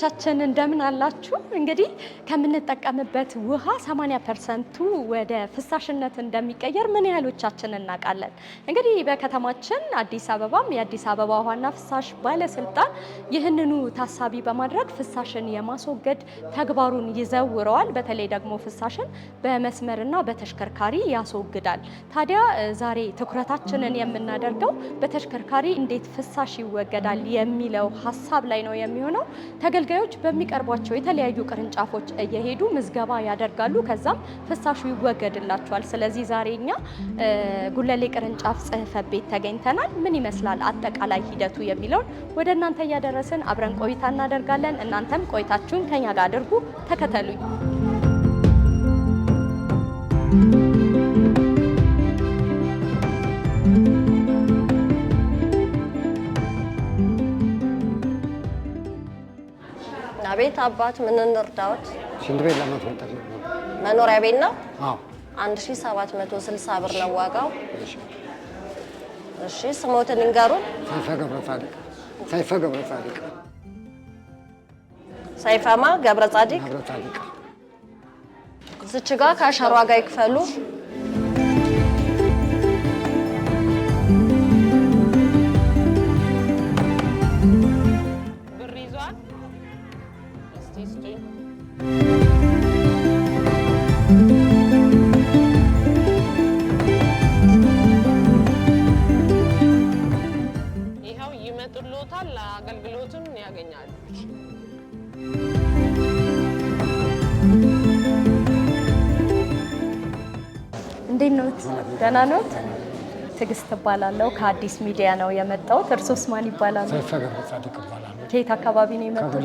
ቻችን እንደምን አላችሁ? እንግዲህ ከምንጠቀምበት ውሃ 80 ፐርሰንቱ ወደ ፍሳሽነት እንደሚቀየር ምን ያህሎቻችን እናውቃለን? እንግዲህ በከተማችን አዲስ አበባም የአዲስ አበባ ውሃና ፍሳሽ ባለስልጣን ይህንኑ ታሳቢ በማድረግ ፍሳሽን የማስወገድ ተግባሩን ይዘውረዋል። በተለይ ደግሞ ፍሳሽን በመስመርና በተሽከርካሪ ያስወግዳል። ታዲያ ዛሬ ትኩረታችንን የምናደርገው በተሽከርካሪ እንዴት ፍሳሽ ይወገዳል የሚለው ሀሳብ ላይ ነው የሚሆነው። ተገልጋዮቻችን ተገልጋዮች በሚቀርቧቸው የተለያዩ ቅርንጫፎች እየሄዱ ምዝገባ ያደርጋሉ። ከዛም ፍሳሹ ይወገድላቸዋል። ስለዚህ ዛሬ እኛ ጉለሌ ቅርንጫፍ ጽህፈት ቤት ተገኝተናል። ምን ይመስላል አጠቃላይ ሂደቱ የሚለውን ወደ እናንተ እያደረስን አብረን ቆይታ እናደርጋለን። እናንተም ቆይታችሁን ከኛ ጋር አድርጉ፣ ተከተሉኝ። አቤት አባት ምን እንርዳዎት? ሽንት ቤት ለማስወጣት ነው። መኖሪያ ቤት ነው። አዎ 1760 ብር ነው ዋጋው። እሺ ስሞትን እንገሩን። ሰይፈ ገብረ ጻድቅ። ሰይፈ ገብረ ጻድቅ። ሰይፈማ ገብረ ጻድቅ። ገብረ ጻድቅ። ዝች ጋ ከአሸሯ ጋ ይክፈሉ። እንዴት ኖት? ደህና ኖት? ትዕግስት እባላለሁ። ከአዲስ ሚዲያ ነው የመጣሁት። እርሶስ ማን ይባላሉ? ሰይፈ ገብረ ጻድቅ እባላለሁ። ከየት አካባቢ ነው የመጡት?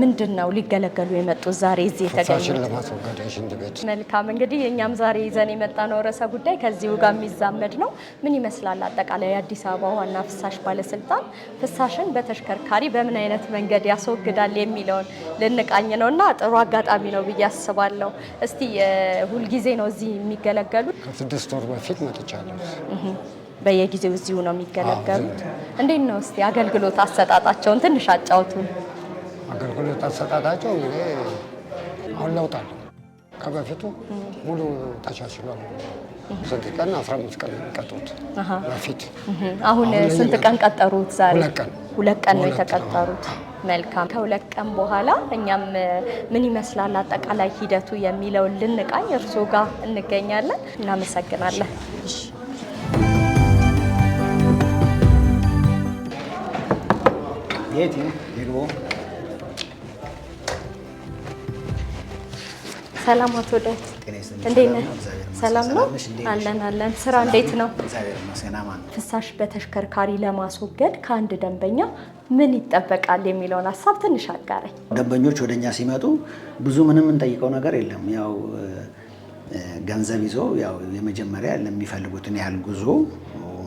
ምንድን ነው ሊገለገሉ የመጡት ዛሬ እዚህ የተገኙት? መልካም እንግዲህ እኛም ዛሬ ይዘን ነው ርዕሰ ጉዳይ ከዚሁ ጋር የሚዛመድ ነው። ምን ይመስላል አጠቃላይ የአዲስ አበባ ዋና ፍሳሽ ባለስልጣን ፍሳሽን በተሽከርካሪ በምን አይነት መንገድ ያስወግዳል የሚለውን ልንቃኝ ነው እና ጥሩ አጋጣሚ ነው ብዬ አስባለሁ። እስቲ ሁልጊዜ ነው እዚህ የሚገለገሉት? ከስድስት ወር በፊት መጥቻለሁ። በየጊዜው እዚሁ ነው የሚገለገሉት። እንዴት ነው እስቲ አገልግሎት አሰጣጣቸውን ትንሽ አጫውቱ። አገልግሎት አሰጣጣቸው እንግዲህ አሁን ለውጣል ከበፊቱ ሙሉ ተሻሽሏል። ስንት ቀን? አስራ ቀን የሚቀጥሩት በፊት። አሁን ስንት ቀን ቀጠሩት? ዛሬ ሁለት ቀን ነው የተቀጠሩት። መልካም። ከሁለት ቀን በኋላ እኛም ምን ይመስላል አጠቃላይ ሂደቱ የሚለውን ልንቃኝ እርስዎ ጋር እንገኛለን። እናመሰግናለን። የትም አቶ ዳዊት እንዴት ነህ? ሰላም ነው አለን አለን። ስራ እንዴት ነው? ፍሳሽ በተሽከርካሪ ለማስወገድ ከአንድ ደንበኛ ምን ይጠበቃል የሚለውን ሀሳብ ትንሽ አጋራኝ። ደንበኞች ወደ እኛ ሲመጡ ብዙ ምንም እንጠይቀው ነገር የለም። ያው ገንዘብ ይዞ ያው የመጀመሪያ ለሚፈልጉትን ያህል ጉዞ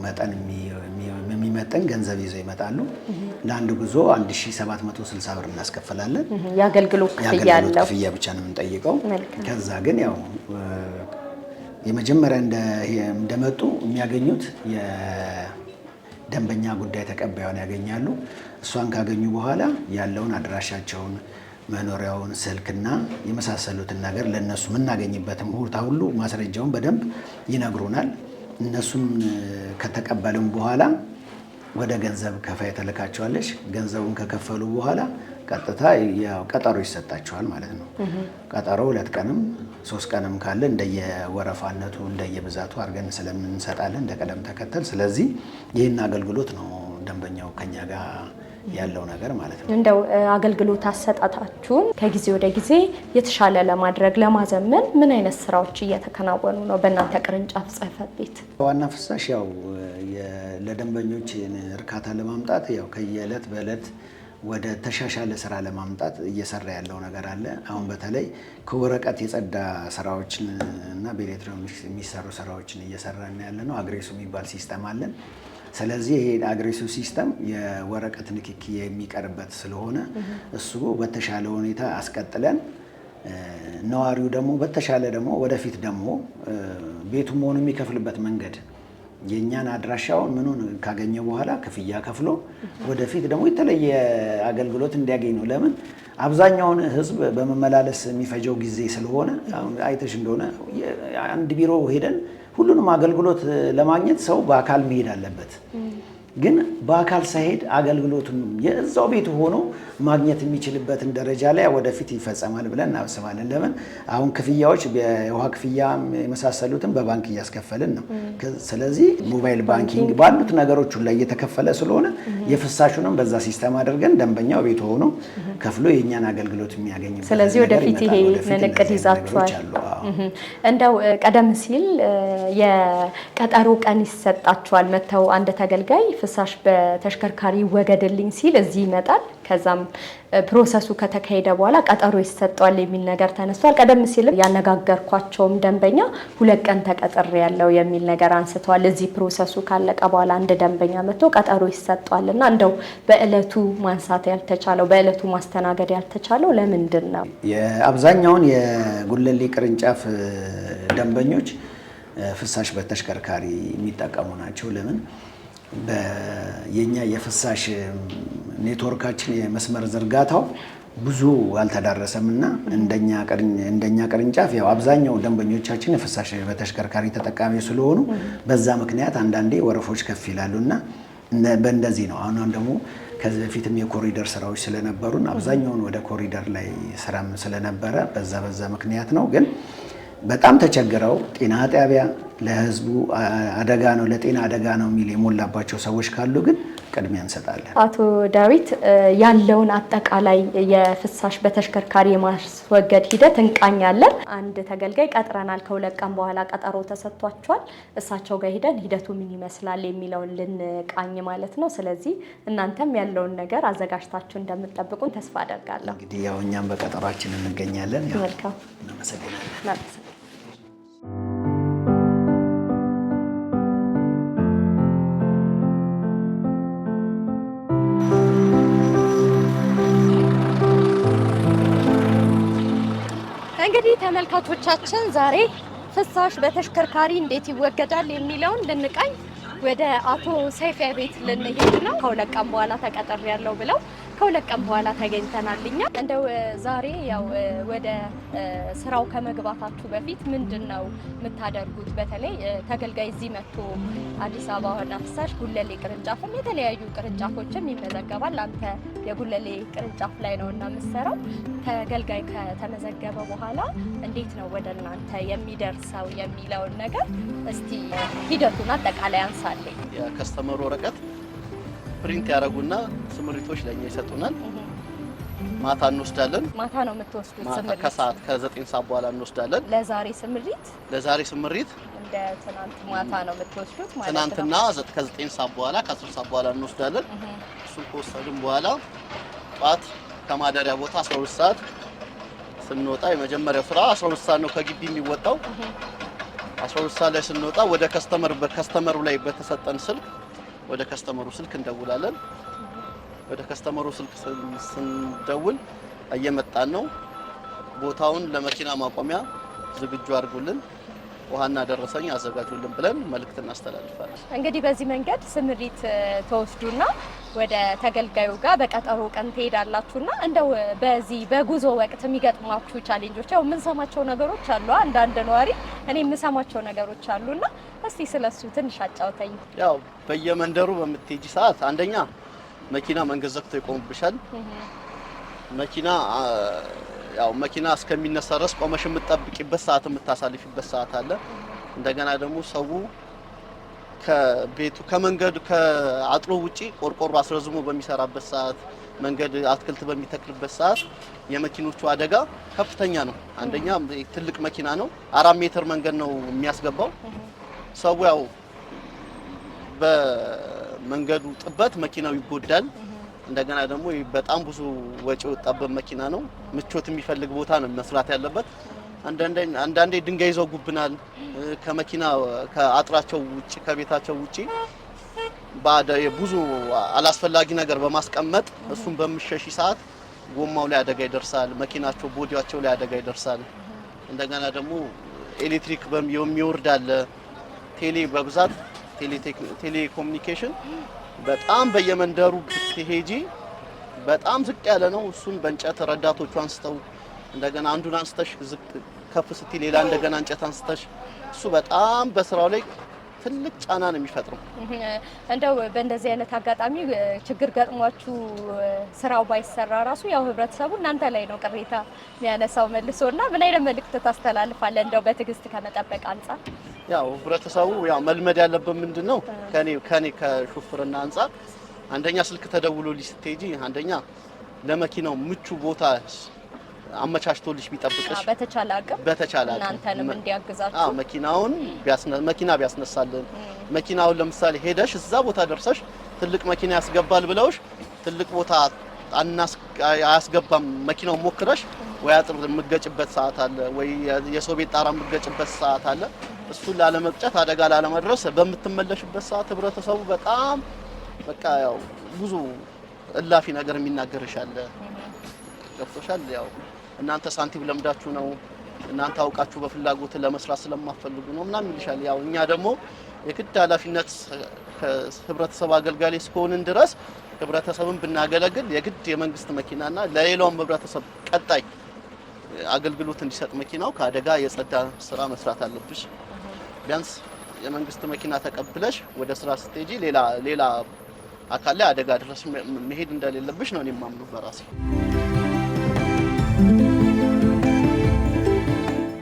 መጠን የሚመጠን ገንዘብ ይዘው ይመጣሉ። ለአንድ ጉዞ 1760 ብር እናስከፍላለን። የአገልግሎት ክፍያ ብቻ ነው የምንጠይቀው። ከዛ ግን ያው የመጀመሪያ እንደመጡ የሚያገኙት የደንበኛ ጉዳይ ተቀባዩን ያገኛሉ። እሷን ካገኙ በኋላ ያለውን አድራሻቸውን መኖሪያውን ስልክና የመሳሰሉትን ነገር ለእነሱ የምናገኝበት ሁኔታ ሁሉ ማስረጃውን በደንብ ይነግሩናል። እነሱም ከተቀበልም በኋላ ወደ ገንዘብ ከፋይ ተልካቸዋለች። ገንዘቡን ከከፈሉ በኋላ ቀጥታ ቀጠሮ ይሰጣቸዋል ማለት ነው። ቀጠሮ ሁለት ቀንም ሶስት ቀንም ካለ እንደየወረፋነቱ እንደየብዛቱ አድርገን ስለምንሰጣለን እንደ ተከተል። ስለዚህ ይህን አገልግሎት ነው ደንበኛው ከኛ ጋር ያለው ነገር ማለት ነው። እንደው አገልግሎት አሰጣታችሁን ከጊዜ ወደ ጊዜ የተሻለ ለማድረግ ለማዘመን ምን አይነት ስራዎች እየተከናወኑ ነው በእናንተ ቅርንጫፍ ጽሕፈት ቤት? ዋና ፍሳሽ ያው ለደንበኞች እርካታ ለማምጣት ያው ከየዕለት በዕለት ወደ ተሻሻለ ስራ ለማምጣት እየሰራ ያለው ነገር አለ። አሁን በተለይ ከወረቀት የጸዳ ስራዎችን እና በኤሌክትሮኒክስ የሚሰሩ ስራዎችን እየሰራ ያለ ነው። አግሬሱ የሚባል ሲስተም አለን ስለዚህ ይሄ አግሬሲቭ ሲስተም የወረቀት ንክኪ የሚቀርበት ስለሆነ እሱ በተሻለ ሁኔታ አስቀጥለን ነዋሪው ደግሞ በተሻለ ደግሞ ወደፊት ደግሞ ቤቱ መሆኑ የሚከፍልበት መንገድ የእኛን አድራሻውን ምኑን ካገኘ በኋላ ክፍያ ከፍሎ ወደፊት ደግሞ የተለየ አገልግሎት እንዲያገኝ ነው። ለምን አብዛኛውን ህዝብ በመመላለስ የሚፈጀው ጊዜ ስለሆነ አይተሽ እንደሆነ አንድ ቢሮ ሄደን ሁሉንም አገልግሎት ለማግኘት ሰው በአካል መሄድ አለበት። ግን በአካል ሳይሄድ አገልግሎቱን የእዛው ቤት ሆኖ ማግኘት የሚችልበትን ደረጃ ላይ ወደፊት ይፈጸማል ብለን እናስባለን። ለምን አሁን ክፍያዎች የውሃ ክፍያ የመሳሰሉትን በባንክ እያስከፈልን ነው። ስለዚህ ሞባይል ባንኪንግ ባሉት ነገሮች ላይ እየተከፈለ ስለሆነ የፍሳሹንም በዛ ሲስተም አድርገን ደንበኛው ቤት ሆኖ ከፍሎ የእኛን አገልግሎት የሚያገኝ ስለዚህ ወደፊት ይሄ እቅድ ይዛችኋል። እንደው ቀደም ሲል የቀጠሮ ቀን ይሰጣቸዋል መጥተው አንድ ተገልጋይ ፍሳሽ በተሽከርካሪ ወገድልኝ ሲል እዚህ ይመጣል ከዛም ፕሮሰሱ ከተካሄደ በኋላ ቀጠሮ ይሰጠዋል የሚል ነገር ተነስቷል። ቀደም ሲል ያነጋገርኳቸውም ደንበኛ ሁለት ቀን ተቀጠር ያለው የሚል ነገር አንስተዋል። እዚህ ፕሮሰሱ ካለቀ በኋላ አንድ ደንበኛ መጥቶ ቀጠሮ ይሰጠዋል እና እንደው በእለቱ ማንሳት ያልተቻለው በእለቱ ማስተናገድ ያልተቻለው ለምንድን ነው? የአብዛኛውን የጉለሌ ቅርንጫፍ ደንበኞች ፍሳሽ በተሽከርካሪ የሚጠቀሙ ናቸው። ለምን የኛ የፍሳሽ ኔትወርካችን የመስመር ዝርጋታው ብዙ አልተዳረሰም እና እንደኛ ቅርንጫፍ ያው አብዛኛው ደንበኞቻችን የፍሳሽ በተሽከርካሪ ተጠቃሚ ስለሆኑ በዛ ምክንያት አንዳንዴ ወረፎች ከፍ ይላሉ እና በእንደዚህ ነው። አሁን ደግሞ ከዚህ በፊትም የኮሪደር ስራዎች ስለነበሩን አብዛኛውን ወደ ኮሪደር ላይ ስራም ስለነበረ በዛ በዛ ምክንያት ነው። ግን በጣም ተቸግረው ጤና ጣቢያ ለህዝቡ አደጋ ነው፣ ለጤና አደጋ ነው የሚል የሞላባቸው ሰዎች ካሉ ግን ቅድሚያ እንሰጣለን። አቶ ዳዊት ያለውን አጠቃላይ የፍሳሽ በተሽከርካሪ የማስወገድ ሂደት እንቃኛለን። አንድ ተገልጋይ ቀጥረናል። ከሁለት ቀን በኋላ ቀጠሮ ተሰጥቷቸዋል። እሳቸው ጋር ሂደን ሂደቱ ምን ይመስላል የሚለውን ልንቃኝ ማለት ነው። ስለዚህ እናንተም ያለውን ነገር አዘጋጅታችሁ እንደምትጠብቁን ተስፋ አደርጋለሁ። እንግዲህ ያው እኛም በቀጠሯችን እንገኛለን። መልካም ተመልካቾቻችን ዛሬ ፍሳሽ በተሽከርካሪ እንዴት ይወገዳል የሚለውን ልንቃኝ ወደ አቶ ሰይፈ ቤት ልንሄድ ነው። ከሁለት ቀን በኋላ ተቀጥሬያለሁ ብለው ከሁለት ቀን በኋላ ተገኝተናል። እኛ እንደው ዛሬ ያው ወደ ስራው ከመግባታችሁ በፊት ምንድን ነው የምታደርጉት? በተለይ ተገልጋይ እዚህ መጥቶ አዲስ አበባ ሆና ፍሳሽ ጉለሌ ቅርንጫፍም የተለያዩ ቅርንጫፎችም ይመዘገባል። አንተ የጉለሌ ቅርንጫፍ ላይ ነው እና የምትሰራው። ተገልጋይ ከተመዘገበ በኋላ እንዴት ነው ወደ እናንተ የሚደርሰው የሚለውን ነገር እስቲ ሂደቱን አጠቃላይ አንሳለኝ። የከስተመሩ ወረቀት ፕሪንት ያደረጉና ስምሪቶች ለእኛ ይሰጡናል። ማታ እንወስዳለን። ማታ ነው የምትወስዱት? ስምሪት ከሰዓት ከዘጠኝ ሰዓት በኋላ እንወስዳለን። ለዛሬ ስምሪት ለዛሬ ስምሪት እንደ ትናንት ማታ ነው የምትወስዱት ማለት ነው። ትናንትና ከዘጠኝ ሰዓት በኋላ ከአስር ሰዓት በኋላ እንወስዳለን። እሱን ከወሰድን በኋላ ጧት ከማደሪያ ቦታ 12 ሰዓት ስንወጣ የመጀመሪያው ስራ 12 ሰዓት ነው ከግቢ የሚወጣው። 12 ሰዓት ላይ ስንወጣ ወደ ከስተመር በከስተመሩ ላይ በተሰጠን ስልክ ወደ ከስተመሩ ስልክ እንደውላለን። ወደ ከስተመሩ ስልክ ስንደውል እየመጣን ነው፣ ቦታውን ለመኪና ማቆሚያ ዝግጁ አድርጉልን፣ ውሃና ደረሰኝ አዘጋጁልን ብለን መልእክት እናስተላልፋለን። እንግዲህ በዚህ መንገድ ስምሪት ተወስዱና ወደ ተገልጋዩ ጋር በቀጠሮ ቀን ትሄዳላችሁና እንደው በዚህ በጉዞ ወቅት የሚገጥሟችሁ ቻሌንጆች ያው የምንሰማቸው ነገሮች አሉ። አንዳንድ ነዋሪ እኔ የምሰማቸው ነገሮች አሉና እስቲ ስለሱ ትንሽ አጫውተኝ። ያው በየመንደሩ በምትሄጂ ሰዓት አንደኛ መኪና መንገድ ዘግቶ ይቆምብሻል። መኪና ያው መኪና እስከሚነሳ ድረስ ቆመሽ የምትጠብቂበት ሰዓት የምታሳልፊበት ሰዓት አለ። እንደገና ደግሞ ሰው ከቤቱ ከመንገዱ ከአጥሩ ውጪ ቆርቆሮ አስረዝሞ በሚሰራበት ሰዓት፣ መንገድ አትክልት በሚተክልበት ሰዓት የመኪኖቹ አደጋ ከፍተኛ ነው። አንደኛ ትልቅ መኪና ነው፣ አራት ሜትር መንገድ ነው የሚያስገባው ሰው ያው በመንገዱ ጥበት መኪናው ይጎዳል። እንደገና ደግሞ በጣም ብዙ ወጪ ወጣበት መኪና ነው። ምቾት የሚፈልግ ቦታ ነው መስራት ያለበት። አንዳንዴ ድንጋይ ይዘጉብናል። ከመኪና ከአጥራቸው ውጪ ከቤታቸው ውጪ ብዙ አላስፈላጊ ነገር በማስቀመጥ እሱን በሚሸሽ ሰዓት ጎማው ላይ አደጋ ይደርሳል። መኪናቸው ቦዲያቸው ላይ አደጋ ይደርሳል። እንደገና ደግሞ ኤሌክትሪክ የሚወርድ አለ ቴሌ በብዛት ቴሌኮሙኒኬሽን በጣም በየመንደሩ ብትሄጂ በጣም ዝቅ ያለ ነው። እሱን በእንጨት ረዳቶቹ አንስተው እንደገና አንዱን አንስተሽ ዝቅ ከፍ ስትይ ሌላ እንደገና እንጨት አንስተሽ እሱ በጣም በስራው ላይ ትልቅ ጫና ነው የሚፈጥረው። እንደው በእንደዚህ አይነት አጋጣሚ ችግር ገጥሟችሁ ስራው ባይሰራ ራሱ ያው ህብረተሰቡ እናንተ ላይ ነው ቅሬታ የሚያነሳው መልሶ እና ምን አይነት መልእክት ታስተላልፋለ? እንደው በትዕግስት ከመጠበቅ አንጻር ያው ህብረተሰቡ ያው መልመድ ያለበት ምንድን ነው ከኔ ከኔ ከሹፍርና አንጻር አንደኛ ስልክ ተደውሎልሽ ስትሄጂ አንደኛ ለመኪናው ምቹ ቦታ አመቻችቶልሽ ቢጠብቅሽ በተቻለ አቅም በተቻለ አቅም እናንተንም እንዲያግዛችሁ አዎ መኪናውን መኪና ቢያስነሳልን መኪናውን ለምሳሌ ሄደሽ እዛ ቦታ ደርሰሽ ትልቅ መኪና ያስገባል ብለውሽ ትልቅ ቦታ አያስገባም መኪናውን ሞክረሽ ወይ አጥር የምገጭበት ሰዓት አለ ወይ የሰው ቤት ጣራ የምገጭበት ሰዓት አለ እሱን ላለመቅጨት አደጋ ላለመድረስ በምትመለሽበት ሰዓት ህብረተሰቡ በጣም በቃ ያው ብዙ እላፊ ነገር የሚናገርሻለ አለ። ገብቶሻል? ያው እናንተ ሳንቲም ለምዳችሁ ነው እናንተ አውቃችሁ በፍላጎት ለመስራት ስለማፈልጉ ነው ምናምን ይልሻል። ያው እኛ ደግሞ የግድ ኃላፊነት ህብረተሰብ አገልጋይ እስከሆንን ድረስ ህብረተሰብን ብናገለግል የግድ የመንግስት መኪናና ለሌላውም ህብረተሰብ ቀጣይ አገልግሎት እንዲሰጥ መኪናው ከአደጋ የጸዳ ስራ መስራት አለብሽ። ቢያንስ የመንግስት መኪና ተቀብለሽ ወደ ስራ ስትሄጂ ሌላ ሌላ አካል ላይ አደጋ ድረስ መሄድ እንደሌለብሽ ነው እኔ በራሴ።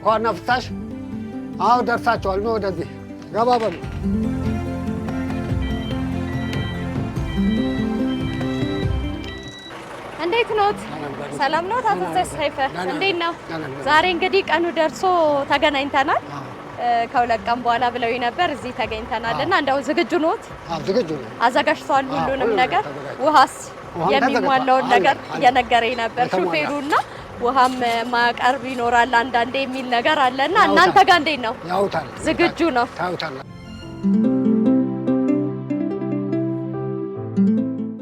ኳና ፍታሽ አሁ ደርሳቸዋል ነው ወደዚህ ገባ በሉ። እንዴት ኖት? ሰላም ኖት? አቶ ሰይፈ እንዴት ነው? ዛሬ እንግዲህ ቀኑ ደርሶ ተገናኝተናል። ከሁለት ቀን በኋላ ብለው ነበር። እዚህ ተገኝተናል እና እንደው ዝግጁ ኖት? ዝግጁ ነው። አዘጋጅተዋል ሁሉንም ነገር። ውሃስ የሚሟላውን ነገር እየነገረኝ ነበር ሹፌሩ እና ውሃም ማቀርብ ይኖራል አንዳንዴ የሚል ነገር አለና እናንተ ጋር እንዴት ነው? ያውታል። ዝግጁ ነው። ታውታል።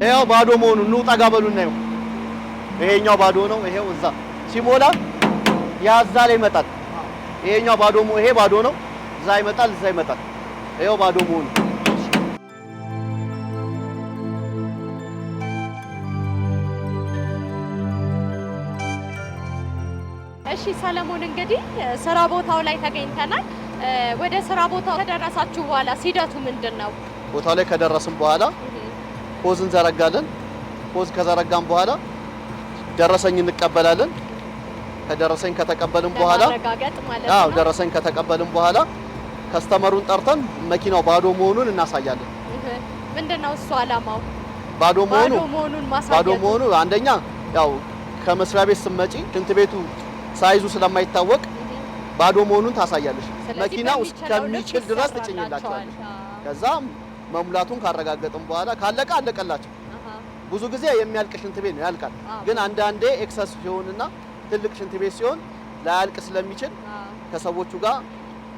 ይሄው ባዶ መሆኑ ኑ ጠጋ በሉና ይኸው ይሄኛው ባዶ ነው። ይሄው እዛ ሲሞላ ያዛ ላይ ይመጣል። ይሄኛው ባዶ ይሄ ባዶ ነው። እዛ ይመጣል፣ እዛ ይመጣል። ይሄው ባዶ ነው። እሺ ሰለሞን እንግዲህ ስራ ቦታው ላይ ተገኝተናል። ወደ ስራ ቦታው ከደረሳችሁ በኋላ ሂደቱ ምንድን ነው? ቦታው ላይ ከደረስን በኋላ ፖዝ እንዘረጋለን። ፖዝ ከዘረጋን በኋላ ደረሰኝ እንቀበላለን። ከደረሰኝ ከተቀበልን በኋላ አዎ ደረሰኝ ከተቀበልን በኋላ ከስተመሩን ጠርተን መኪናው ባዶ መሆኑን እናሳያለን። ምንድነው እሱ አላማው? ባዶ መሆኑ ባዶ መሆኑ አንደኛ ያው ከመስሪያ ቤት ስመጪ ሽንት ቤቱ ሳይዙ ስለማይታወቅ ባዶ መሆኑን ታሳያለሽ። መኪናው እስከሚችል ድረስ ትጭኝላቸዋለሽ። ከዛ መሙላቱን ካረጋገጥን በኋላ ካለቀ አለቀላቸው። ብዙ ጊዜ የሚያልቅ ሽንት ቤት ነው ያልቃል። ግን አንዳንዴ ኤክሰስ ሲሆንና ትልቅ ሽንት ቤት ሲሆን ላያልቅ ስለሚችል ከሰዎቹ ጋር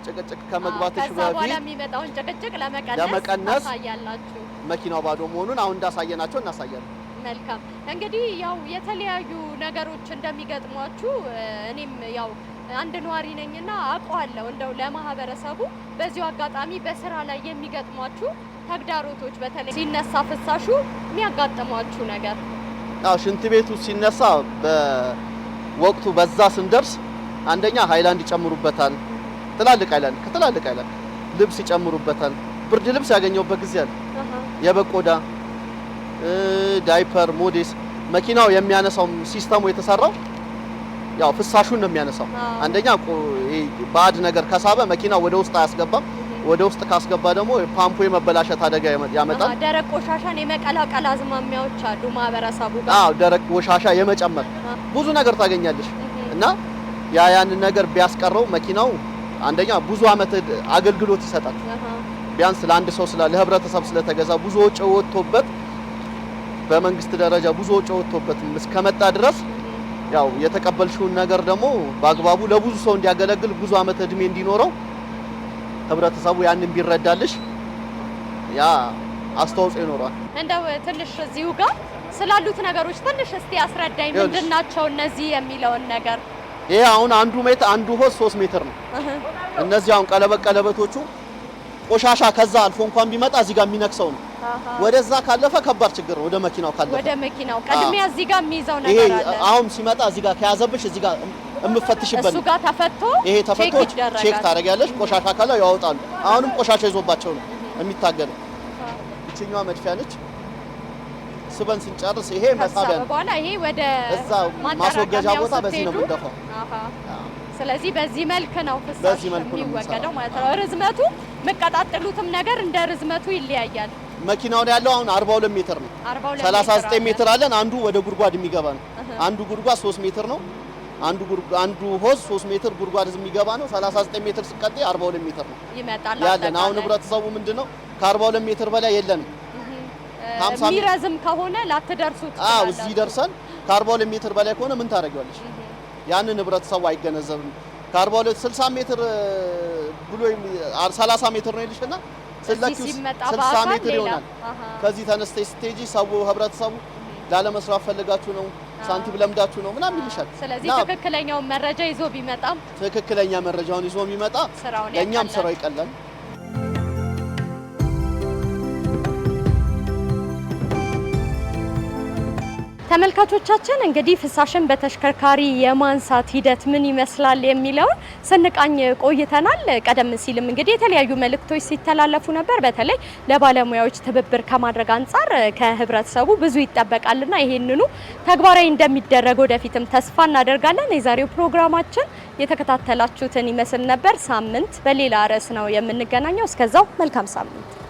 ጭቅጭቅ ከመግባትሽ በፊት የሚመጣውን ጭቅጭቅ ለመቀነስ መኪናው ባዶ መሆኑን አሁን እንዳሳየናቸው እናሳያለን። መልካም እንግዲህ ያው የተለያዩ ነገሮች እንደሚገጥሟችሁ እኔም ያው አንድ ነዋሪ ነኝና አውቀዋለሁ። እንደው ለማህበረሰቡ በዚሁ አጋጣሚ በስራ ላይ የሚገጥሟችሁ ተግዳሮቶች፣ በተለይ ሲነሳ ፍሳሹ የሚያጋጥሟችሁ ነገር ሽንት ቤቱ ሲነሳ ወቅቱ በዛ ስንደርስ አንደኛ ሃይላንድ ይጨምሩበታል። ትላልቅ ሃይላንድ ከትላልቅ ሃይላንድ ልብስ ይጨምሩበታል። ብርድ ልብስ ያገኘውበት ጊዜ አለ። የበቆዳ ቆዳ፣ ዳይፐር፣ ሞዴስ መኪናው የሚያነሳው ሲስተሙ የተሰራው ያው ፍሳሹን ነው የሚያነሳው። አንደኛ ባዕድ ነገር ከሳበ መኪና ወደ ውስጥ አያስገባም። ወደ ውስጥ ካስገባ ደግሞ ፓምፑ የመበላሸት አደጋ ያመጣል። ደረቅ ቆሻሻን የመቀላቀል አዝማሚያዎች አሉ ማህበረሰቡ ጋር። አዎ ደረቅ ቆሻሻ የመጨመር ብዙ ነገር ታገኛለሽ እና ያ ያንን ነገር ቢያስቀረው መኪናው አንደኛ ብዙ አመት አገልግሎት ይሰጣል። ቢያንስ ለአንድ ሰው ስለ ለህብረተሰብ ስለተገዛ ብዙ ወጪ ወጥቶበት በመንግስት ደረጃ ብዙ ወጪ ወጥቶበት እስከመጣ ድረስ ያው የተቀበልሽውን ነገር ደግሞ በአግባቡ ለብዙ ሰው እንዲያገለግል ብዙ አመት እድሜ እንዲኖረው ህብረተሰቡ ያንን ቢረዳልሽ ያ አስተዋጽኦ ይኖራል። እንደው ትንሽ እዚሁ ጋር ስላሉት ነገሮች ትንሽ እስቲ አስረዳኝ። ምንድን ናቸው እነዚህ የሚለውን ነገር ይሄ አሁን አንዱ ሜት አንዱ ሆስ ሶስት ሜትር ነው። እነዚህ አሁን ቀለበት ቀለበቶቹ ቆሻሻ ከዛ አልፎ እንኳን ቢመጣ እዚህ ጋር የሚነክሰው ነው። ወደዛ ካለፈ ከባድ ችግር ነው። ወደ መኪናው ካለፈ ወደ መኪናው ቀድሚያ እዚህ ጋር የሚይዘው ነገር አለ። ይሄ አሁን ሲመጣ እዚህ ጋር ከያዘብሽ እዚህ ጋር እምፈትሽበት እሱ ጋር ተፈቶ ይሄ ተፈቶ ቼክ ታደርጊያለሽ። ቆሻሻ ካለ ያወጣሉ። አሁንም ቆሻሻ ይዞባቸው ነው የሚታገለው። ይችኛዋ መድፊያ ነች። ስበን ስንጨርስ ይሄ መሳቢያ በኋላ ይሄ ወደ እዛ ማስወገጃ ቦታ በዚህ ነው የምንደፋው። ስለዚህ በዚህ መልክ ነው ፍሳሽ የሚወገደው ማለት ነው። ርዝመቱ የምቀጣጥሉትም ነገር እንደ ርዝመቱ ይለያያል። መኪናው ላይ ያለው አሁን 42 ሜትር ነው። 39 ሜትር አለን። አንዱ ወደ ጉድጓድ የሚገባ ነው። አንዱ ጉድጓድ 3 ሜትር ነው። አንዱ አንዱ ሆዝ 3 ሜትር ጉድጓድ የሚገባ ነው። 39 ሜትር ሲቀጤ 42 ሜትር ነው ይመጣል ያለን አሁን ህብረተሰቡ ምንድነው ከ42 ሜትር በላይ የለንም። የሚረዝም ከሆነ ላትደርሱት። አዎ እዚህ ደርሰን ከ42 ሜትር በላይ ከሆነ ምን ታደርጊዋለሽ? ያንን ህብረተሰቡ አይገነዘብም። ከ42 60 ሜትር ብሎ 30 ሜትር ነው ይልሽና ስለዚህ ሲመጣ ሜትር ይሆናል። ከዚህ ተነስተሽ ስቴጂ ሰው ህብረተሰቡ ላለመስራት ፈልጋችሁ ነው ሳንቲም ለምዳችሁ ነው ምናምን ይልሻል። ስለዚህ ትክክለኛውን መረጃ ይዞ ቢመጣም ትክክለኛ መረጃውን ይዞ ቢመጣ ለእኛም ስራው ይቀላል። ተመልካቾቻችን እንግዲህ ፍሳሽን በተሽከርካሪ የማንሳት ሂደት ምን ይመስላል የሚለውን ስንቃኝ ቆይተናል። ቀደም ሲልም እንግዲህ የተለያዩ መልእክቶች ሲተላለፉ ነበር። በተለይ ለባለሙያዎች ትብብር ከማድረግ አንጻር ከህብረተሰቡ ብዙ ይጠበቃልና ይህንኑ ተግባራዊ እንደሚደረግ ወደፊትም ተስፋ እናደርጋለን። የዛሬው ፕሮግራማችን የተከታተላችሁትን ይመስል ነበር። ሳምንት በሌላ ርዕስ ነው የምንገናኘው። እስከዛው መልካም ሳምንት